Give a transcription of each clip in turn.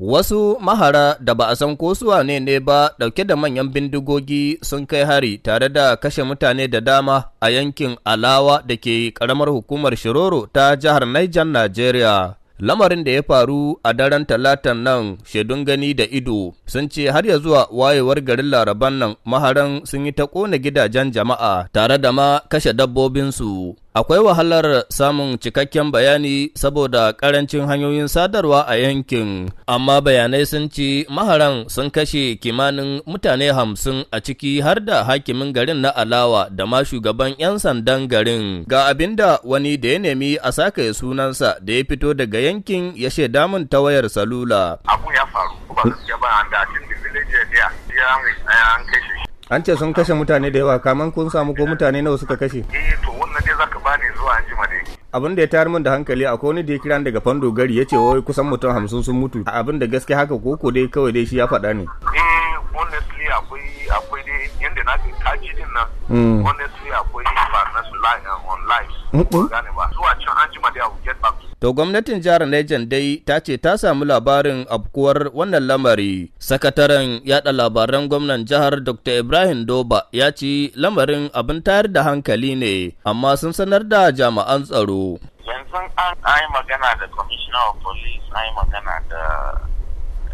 Wasu mahara da ba a san ko suwa ne ne ba ɗauke da manyan bindigogi sun kai hari tare da kashe mutane da dama a yankin Alawa da ke ƙaramar hukumar Shiroro ta jihar Niger, Najeriya. Lamarin da ya faru a daren talatan nan shaidun gani da ido sun ce har ya zuwa wayewar garin laraban nan maharan sun yi ta ƙona gidajen jama'a tare da ma kashe dabbobinsu. Akwai wahalar samun cikakken bayani saboda ƙarancin hanyoyin sadarwa a yankin, amma bayanai sun ci maharan sun kashe kimanin mutane hamsin a ciki har da hakimin garin na Alawa da ma shugaban 'yan sandan garin. Ga abin wani da ya nemi a sake sunansa da ya fito daga yankin ya shaida damun ta wayar salula. Abu an An ce sun kashe mutane da yawa, kaman kun samu ko mutane nawa suka kashe? Eh abin da ya tayar min da hankali akwai wani da ya kiran daga fando gari ya ce wai kusan mutum hamsin sun mutu abin da gaske haka ko ko dai kawai dai shi ya faɗa ne eh, honestly akwai akwai dai yanda na ji din nan hmm. honestly akwai ba na su eh, online To gwamnatin jihar Niger dai ta ce ta samu labarin afkuwar wannan lamari. Sakataren yada labaran gwamnan jihar Dr. Ibrahim Doba ya ce lamarin abin tayar da hankali ne, amma sun sanar da jami'an tsaro. Yanzu an yi magana da Commissioner of Police, an yi magana da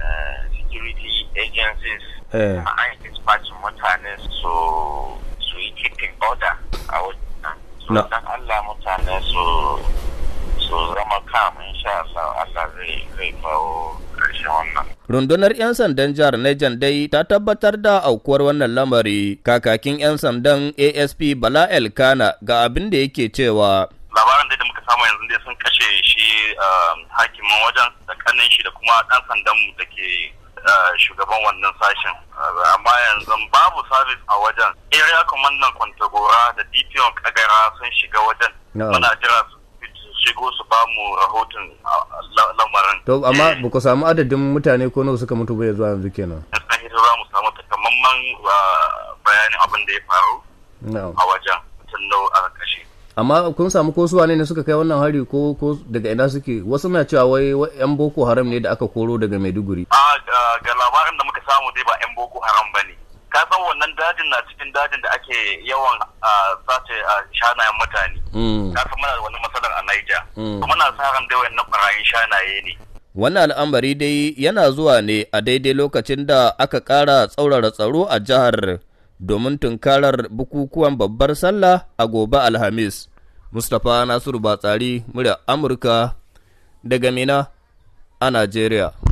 eh, security agencies, eh. an yi dispatching mutane so su yi keeping order a wajen. Allah mutane so Rundunar 'yan sandan jihar Niger dai ta tabbatar da aukuwar wannan lamari kakakin 'yan sandan ASP Bala Elkana ga abin da yake cewa. Labarin da muka samu yanzu dai sun kashe shi um, hakimin wajen da kanin shi da kuma ɗan mu da ke uh, shugaban wannan sashen. Amma yanzu babu sabis a wajen. Area Commandant Kwantagora da DPO Kagara sun shiga wajen. Muna jira su ba mu rahoton lamarin. To amma eh. ba ku samu adadin mutane ko nawa suka mutu bai zuwa yanzu kenan. Gaskiya hira za mu samu takamaiman ah, bayanin abin da ya faru a wajen mutum nau a kashe. Amma kun samu ko suwa ne suka kai wannan hari ko ko daga ina suke wasu na cewa wai yan Boko Haram ne da aka koro daga Maiduguri. Ah, a ga labarin da muka samu dai ba yan Boko Haram ba ne. Ka san wannan dajin na cikin dajin da ake yawan ah, sace shanayen mutane. kasan mm. muna da wani matsalar a Niger kuma mm. na sa ran da na barayin shanaye ne Wani al'amari dai yana zuwa ne a daidai lokacin da aka ƙara tsaurara tsaro a jihar domin tunkarar bukukuwan babbar sallah a gobe Alhamis. Mustapha Nasiru Batsari, murya Amurka daga Mina a Najeriya.